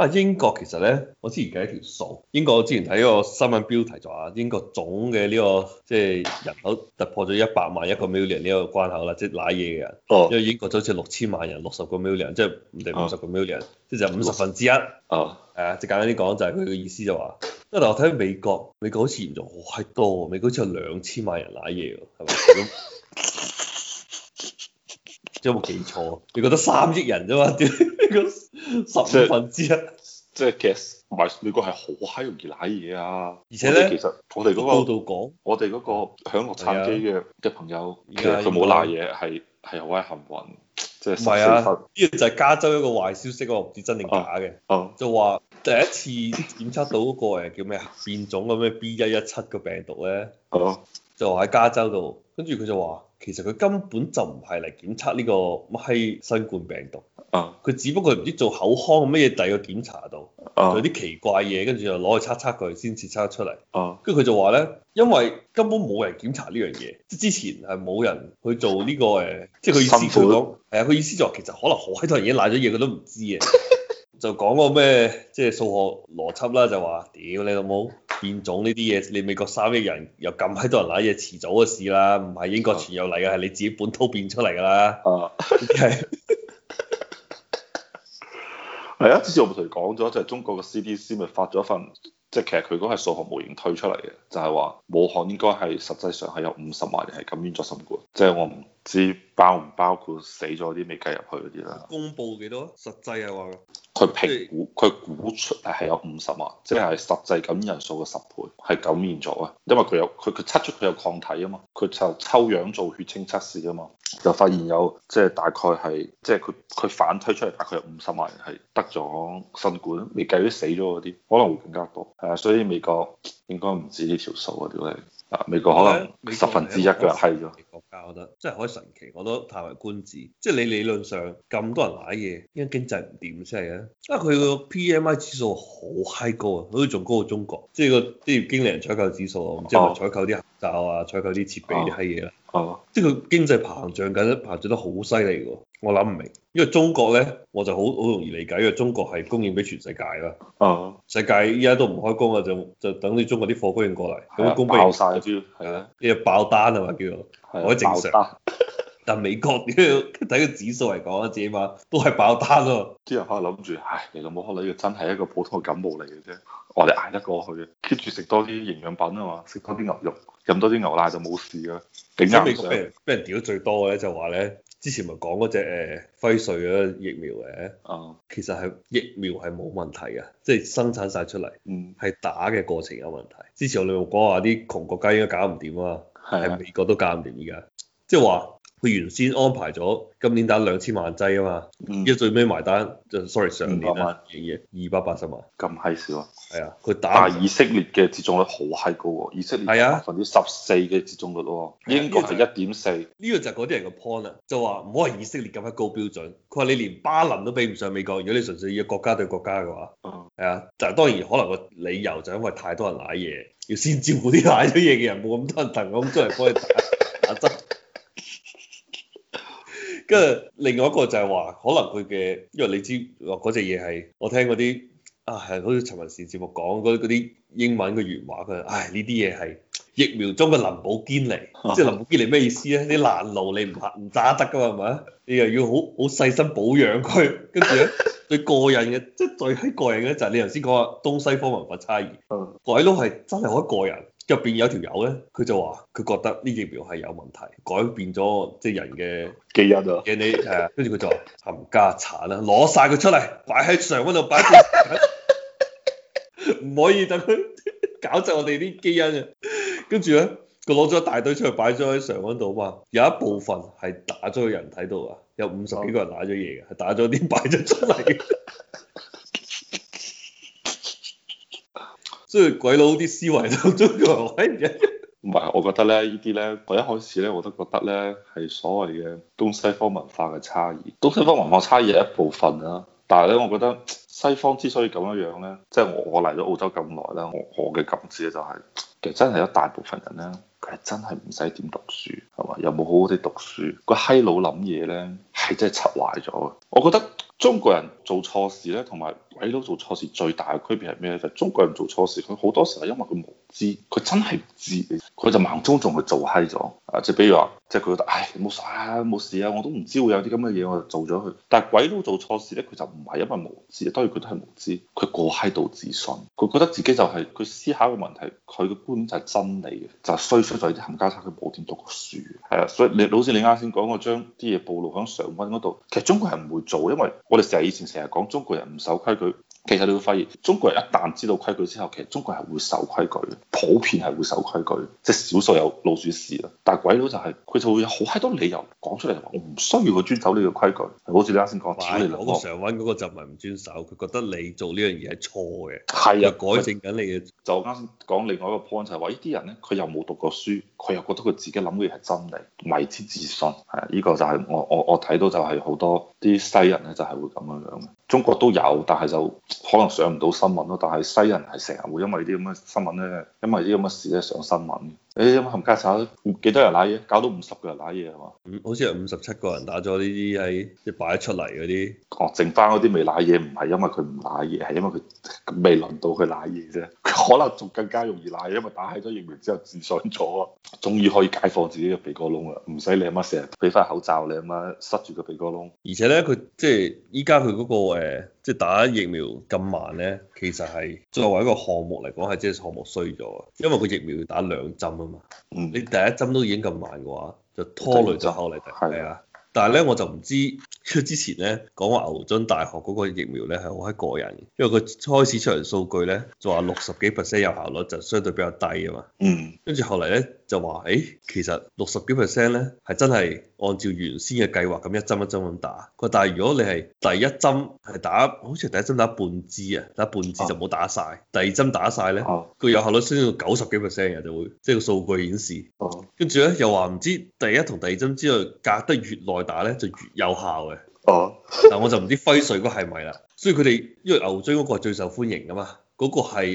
啊！英國其實咧，我之前計一條數，英國我之前睇個新聞標題就話英國總嘅呢、這個即係、就是、人口突破咗一百萬一個 million 呢個關口啦，即係賴嘢嘅人，嗯、因為英國就好似六千萬人，六十個 million，即係唔定五十個 million，即係、嗯、就五十分之一，哦，係啊，即係簡單啲講就係佢嘅意思就話，嗱我睇美國，美國好似嚴重好係多，美國好似有兩千萬人賴嘢喎，係咪咁？ 有冇記錯？你覺得三億人啫嘛？屌是，呢個十五分之一，即係 Guess，唔係美國係好閪容易賴嘢啊！而且咧，其實悠悠、啊、我哋嗰、個報道講，我哋嗰個響洛杉磯嘅嘅朋友，啊、其實佢冇賴嘢，係係好閪幸運，即係十分。呢個就係加州一個壞消息，我唔知真定假嘅，嗯嗯、就話。第一次檢測到嗰個叫咩啊變種嘅咩 B 一一七嘅病毒咧，哦，就喺加州度，跟住佢就話其實佢根本就唔係嚟檢測呢個乜閪新冠病毒，啊，佢只不過唔知做口腔乜嘢第二個檢查到、啊、有啲奇怪嘢，跟住就攞、是、去測測佢先檢測得出嚟，啊，跟住佢就話咧，因為根本冇人檢查呢樣嘢，即之前係冇人去做呢、呢個誒，即佢意思講，係啊，佢意思就係其實可能好閪多人已經賴咗嘢，佢都唔知嘅。就講個咩，即係數學邏輯啦，就話屌你老母變種呢啲嘢，你美國三億人又咁閪多人攬嘢，遲早嘅事啦，唔係英國傳有嚟嘅，係、啊、你自己本土變出嚟㗎啦。啊，係啊，之前我咪同你講咗，就係中國嘅 CDC 咪發咗一份，即係其實佢嗰係數學模型推出嚟嘅，就係話武漢應該係實際上係有五十萬人係感染咗新冠，即係我。知包唔包括死咗啲未計入去嗰啲啦？公佈幾多？實際係話佢評估佢估以出係有五十萬，即係係實際感染人數嘅十倍，係感染咗啊！因為佢有佢佢測出佢有抗體啊嘛，佢就抽樣做血清測試啊嘛，就發現有即係、即係、大概係即係佢佢反推出嚟大概有五十萬人係得咗新冠，未計啲死咗嗰啲，可能會更加多。係所以美國應該唔止呢條數啊，屌你！啊！美國可能十分之一噶啦，係咗。國家我覺得真係好神奇，我都歎為觀止。即係你理論上咁多人買嘢，因為經濟唔掂先係嘅。因為佢個 PMI 指數好 high 高啊，好似仲高過中國。即係個職業經理人採購指數，即係採購啲口罩啊，採購啲設備啲閪嘢啦。Oh. Oh. 哦，啊、即係佢經濟膨脹緊，膨脹得好犀利喎！我諗唔明，因為中國咧，我就好好容易理解因為，中國係供應俾全世界啦。哦、啊，世界依家都唔開工啦，就就等你中國啲貨供應過嚟，咁供、啊、不應嗰啲，係呢個爆單了啊嘛叫做，可以正常。但美國點睇個指數嚟講啊，最起碼都係爆單喎。之後可能諗住，唉，其實母可能要真係一個普通嘅感冒嚟嘅啫，我哋捱得過去，keep 住食多啲營養品啊嘛，食多啲牛肉，飲多啲牛奶就冇事嘅。點解美國俾人屌得最多嘅咧？就話咧，之前咪講嗰隻誒輝瑞嗰疫苗嘅，其實係疫苗係冇問題嘅，即係生產晒出嚟，係打嘅過程有問題。之前我哋咪講話啲窮國家應該搞唔掂啊，喺、啊、美國都搞唔掂而家，即係話。佢原先安排咗今年打兩千萬劑啊嘛，一、嗯、最尾埋單就 sorry 上年萬啊，二百八十萬咁閪少啊，係啊，但係以色列嘅接種率好閪高喎、哦，以色列係啊，百分之十四嘅接種率喎、哦，啊、英國就一點四，呢、呢個就嗰、係、啲人嘅 point 啊，就話唔好係以色列咁閪高標準。佢話你連巴林都比唔上美國，如果你純粹要國家對國家嘅話，係、嗯、啊，就係當然可能個理由就因為太多人賴嘢，要先照顧啲賴咗嘢嘅人，冇咁多人等，咁先嚟幫你 跟住另外一個就係話，可能佢嘅，因為你知嗰隻嘢係，那個、我聽嗰啲啊係好似陳文善節目講嗰啲、那個、英文嘅原話佢話，唉呢啲嘢係疫苗中嘅林寶堅尼，即係林寶堅尼咩意思咧？爛你爛路你唔行唔揸得㗎嘛，係咪？你又要好好細心保養佢，跟住咧最過癮嘅，即係最係過癮嘅就係你頭先講話東西方文化差異，鬼佬係真係好過癮。入邊有條友咧，佢就話佢覺得呢隻疫苗係有問題，改變咗即係人嘅基因咯。人哋誒，跟住佢就話冚家鏟啦，攞晒佢出嚟，擺喺床嗰度，擺唔 可以等佢搞走我哋啲基因啊！跟住咧，佢攞咗一大堆出嚟，擺咗喺床嗰度啊嘛。有一部分係打咗喺人體度啊，有五十幾個人打咗嘢嘅，係打咗啲擺咗出嚟。 所以鬼佬啲思維就中國人玩嘅。唔係， 我覺得咧，呢啲咧，我一開始咧，我都覺得咧係所謂嘅東西方文化嘅差異。東西方文化差異係一部分啦，但係咧，我覺得西方之所以咁樣樣咧，即係我我嚟咗澳洲咁耐啦，我我嘅感知就係其實真係有一大部分人咧，佢係真係唔使點讀書，係嘛？又冇好好地讀書，個閪佬諗嘢咧。係真係拆壞咗啊！我覺得中國人做錯事咧，同埋鬼佬做錯事最大嘅區別係咩咧？就係中國人做錯事，佢好多時候因為佢無知，佢真係唔知，佢就盲中中去做嗨咗啊！即係比如話，即係佢覺得唉冇事啊，冇事啊，我都唔知會有啲咁嘅嘢，我就做咗佢。但係鬼佬做錯事咧，佢就唔係因為無知，當然佢都係無知，佢過閪到自信，佢覺得自己就係、是、佢思考嘅問題，佢嘅觀點就係真理嘅，就衰衰在啲冚家鏟，佢冇點讀過書。係啊，所以你老師你啱先講我將啲嘢暴露響上度，其實中國人唔會做，因為我哋成日以前成日講，中國人唔守規矩。其實你會發現，中國人一旦知道規矩之後，其實中國人係會守規矩嘅，普遍係會守規矩，即係少數有老鼠屎啦。但係鬼佬就係、是，佢就會有好閪多理由講出嚟話，我唔需要佢遵守呢個規矩，好似你啱先講，嗰個嗰個就唔係唔遵守，佢覺得你做呢樣嘢係錯嘅，係啊的，改正緊你嘅。就啱先講另外一個 point 就係、是、話，呢啲人咧，佢又冇讀過書，佢又覺得佢自己諗嘅嘢係真理，迷之自信係啊，依、這個就係、是、我我我睇到就係好多啲西人咧就係會咁樣樣，中國都有，但係就。可能上唔到新聞咯，但係西人係成日會因為啲咁嘅新聞咧，因為啲咁嘅事咧上新聞。誒、哎，冚家炒幾多人瀨嘢？搞到五十個人瀨嘢係嘛？好似係五十七個人打咗呢啲喺即係擺出嚟嗰啲。哦，剩翻嗰啲未瀨嘢，唔係因為佢唔瀨嘢，係因為佢未輪到佢瀨嘢啫。可能仲更加容易瀨嘢，因為打起咗疫苗之後自信咗，終於可以解放自己嘅鼻哥窿啦，唔使你阿乜成日俾翻口罩你阿乜塞住個鼻哥窿。而且咧，佢即係依家佢嗰個即係打疫苗咁慢咧，其實係作為一個項目嚟講，係即係項目衰咗啊！因為個疫苗要打兩針啊嘛，你第一針都已經咁慢嘅話，就拖累咗後嚟。係啊的，但係咧我就唔知，因為之前咧講話牛津大學嗰個疫苗咧係好喺個人，因為佢開始出嚟數據咧就話六十幾 percent 有效率就相對比較低啊嘛。的嗯，跟住後嚟咧。就話誒、欸，其實六十幾 percent 咧，係真係按照原先嘅計劃咁一針一針咁打。個但係如果你係第一針係打好似第一針打半支啊，打半支就冇打晒；第二針打晒咧，個、啊、有效率先到九十幾 percent 嘅就會，即、就、係、是、個數據顯示。哦、啊。跟住咧又話唔知第一同第二針之後，隔得越耐打咧就越有效嘅。哦、啊。但， 我就唔知輝瑞嗰係咪啦。所以佢哋因為牛津嗰個係最受歡迎噶嘛，嗰、那個係誒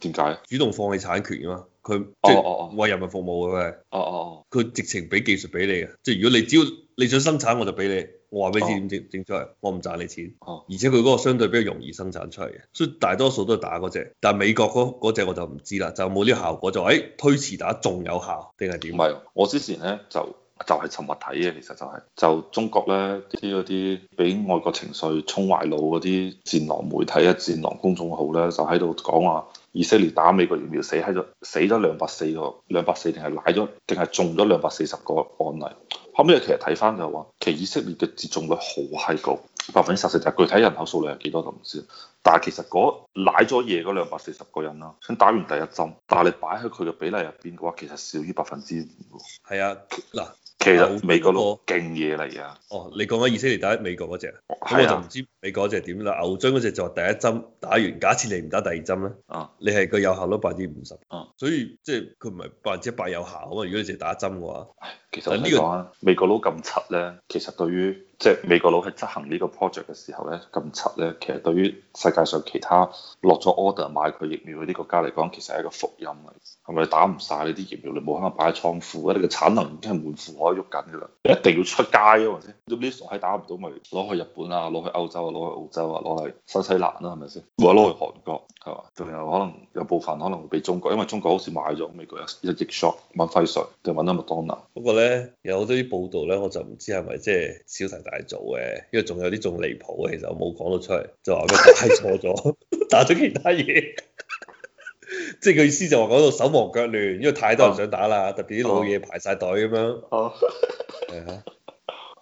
點解主動放棄產權噶嘛？佢即係為人民服務嘅，佢，哦哦哦，哦，佢直情俾技術俾你嘅，即係如果你只要你想生產，我就俾你，我話俾你知點整整出嚟。哦、我唔賺你錢，哦，而且佢嗰個相對比較容易生產出嚟嘅，所以大多數都係打嗰隻，但係美國嗰嗰隻我就唔知啦，就冇呢個效果，就誒、哎、推遲打仲有效定係點？唔係，我之前咧就。就係尋日睇嘅，其實就係、是、就中國呢啲嗰啲俾外國情緒衝壞腦嗰啲戰狼媒體啊、戰狼公眾號呢，就喺度講話以色列打美國疫苗死喺度死咗兩百四個，兩百四定係賴咗定係中咗兩百四十個案例。後尾其實睇翻就話、是，其實以色列嘅接種率好係高。百分之十四就係，具體人口數量係幾多就唔知。但係其實嗰賴咗嘢嗰兩百四十個人啦，想打完第一針，但係你擺喺佢嘅比例入邊嘅話，其實少於百分之五。係啊，嗱，其實美國佬勁嘢嚟啊。哦，你講緊意思你打美國嗰隻，咁、啊、我就唔知美國嗰隻點啦。牛津嗰隻就話第一針打完，假設你唔打第二針咧，你係個有效率百分之五十。哦，所以即係佢唔係百分之一百有效啊嘛。如果你淨係打一針嘅話、哎，其實呢、呢個美國佬咁柒咧，其實對於。即係美國佬喺執行呢個 project 嘅時候咧，咁柒咧，其實對於世界上其他落咗 order 買佢疫苗嘅國家嚟講，其實係一個福音嚟。係咪你打唔晒呢啲疫苗？你冇可能擺喺倉庫，你個產能已經係滿庫可喐緊噶啦。你一定要出街啊，係咪先？咁呢啲係打唔到，咪攞去日本啊，攞去歐洲啊，攞去澳洲啊，攞去新、啊、西蘭啦、啊，係咪先？冇話攞去韓國，係嘛？仲有可能有部分可能會俾中國，因為中國好似買咗美國一億 shot 揾輝瑞，就揾到麥當娜。不過咧，有好多啲報道咧，我就唔知係咪即係小大做嘅。因為仲有啲仲離譜嘅，其實我冇講到出嚟，就話佢打錯咗， 打咗其他嘢，即係佢意思就話嗰度手忙腳亂，因為太多人想打啦，啊、特別啲老嘢排晒隊咁樣。哦、啊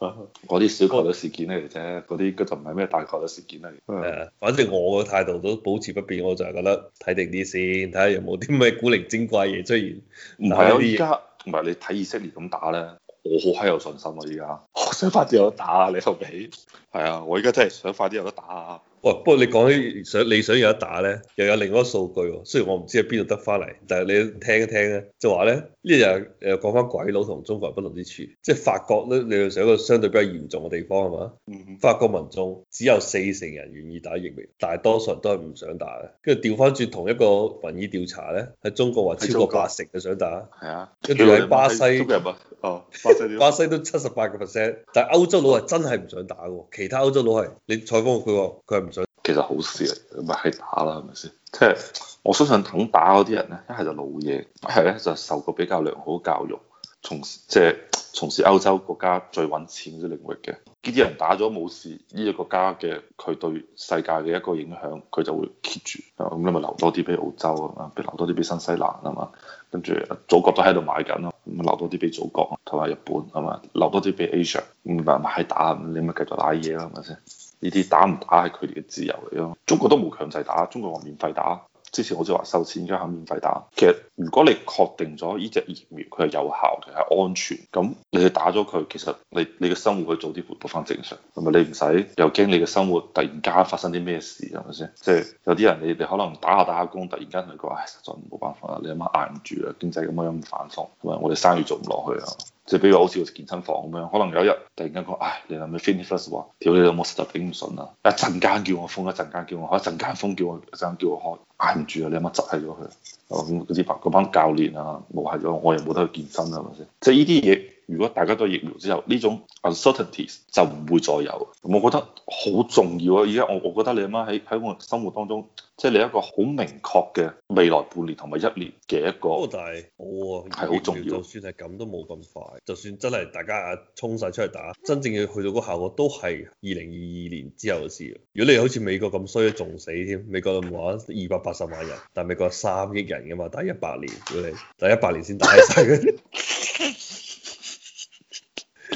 啊，嗰啲小概率事件嚟，而且嗰啲就唔係咩大概率事件啦。係 反正我嘅態度都保持不變，我就係覺得睇定啲先，睇下有冇啲咩古靈精怪嘢出現。唔係而家同埋你睇以色列咁打咧。我好閪有信心啊，依家我想快啲有得打啊！你後俾係啊，我依家真係想快啲有得打啊！不過你講起想你想有得打咧，又有另一個數據，哦，雖然我唔知喺邊度得翻嚟，但係你聽一聽咧，啊，就話、是、咧呢日誒講翻鬼佬同中國人不同之處，即、就、係、是、法國咧，你又想一個相對比較嚴重嘅地方係嘛？法國民眾只有四成人願意打疫苗，但大多數人都係唔想打嘅。跟住調翻轉同一個民意調查咧，喺中國話超過八成就想打，係啊，跟住喺巴西，啊啊啊啊、巴西，巴西都七十八個 percent，但係歐洲佬係真係唔想打嘅，其他歐洲佬係你採訪佢話佢係唔。他其實好事啊，咪係打啦，係咪先？即係我相信肯打嗰啲人咧，一係就老嘢，一係咧就受過比較良好教育，從即係從事歐洲國家最揾錢啲領域嘅。呢啲人打咗冇事，呢個國家嘅佢對世界嘅一個影響，佢就會 keep 住。咁你咪留多啲俾澳洲啊，俾留多啲俾新西蘭啊嘛。跟住祖國都喺度買緊咯，咁留多啲俾祖國同埋日本啊嘛，留多啲俾 Asia。咁咪係打，你咪繼續打嘢啦，係咪先？呢啲打唔打係佢哋嘅自由嚟咯，中國都冇強制打，中國話免費打，之前好似話收錢而家肯免費打。其實如果你確定咗呢隻疫苗佢係有效嘅，係安全，咁你打咗佢，其實你你嘅生活可早啲回復翻正常，同埋你唔使又驚你嘅生活突然間發生啲咩事，係咪先？即係有啲人你你可能打下打下工，突然間佢話唉，實在冇辦法啦，你阿媽捱唔住啦，經濟咁樣咁反覆，咁啊我哋生意做唔落去啊。即係比如好似健身房咁樣，可能有一日突然間講，唉，你諗下 Fitness Plus 話屌你老母實在頂唔順啦！一陣間叫我封，一陣間叫我開，一陣間封，叫我一陣間叫我開，捱唔住啊！你阿媽執起咗佢，咁嗰啲班教練啊，冇閪咗，我又冇得去健身啦，係咪先？即係呢啲嘢。如果大家都疫苗之後，呢種 uncertainty 就唔會再有。我覺得好重要啊！而家我我覺得你阿媽喺喺我生活當中，即係你一個好明確嘅未來半年同埋一年嘅一個。但係，我啊，好重要。哦、就算係咁都冇咁快，就算真係大家衝晒出嚟打，真正要去到嗰效果都係二零二二年之後嘅事。如果你好似美國咁衰，仲死添。美國唔話二百八十萬人，但係美國三億人㗎嘛，打一百年，如果你第一百年先打曬。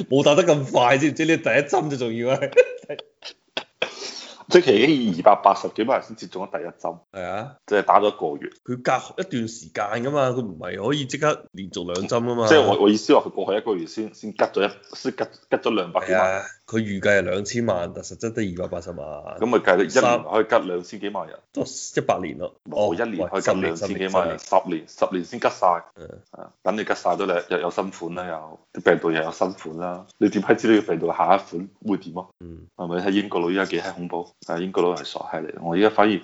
冇打得咁快，知唔知你第一針就仲要啊。 即係二百八十幾萬人先接種咗第一針，係啊，即係打咗一個月，佢隔一段時間噶嘛，佢唔係可以即刻連續兩針噶嘛。即係、嗯就是、我我意思話，佢過去一個月先先吉咗一先吉吉咗兩百幾萬。佢、啊、預計係兩千萬，但係實質都得二百八十萬。咁咪計得一、哦哦、一年可以吉兩千幾萬人，都一百年咯。冇一年可以吉兩千幾萬人，十年、年、年、年十年先吉晒。啊、等你吉晒都又有新款啦，又啲病毒又有新款啦。你點解知道啲病毒下一款會點啊？嗯，係咪喺英國佬依家幾閪恐怖？但英國佬係傻閪嚟，我而家反而。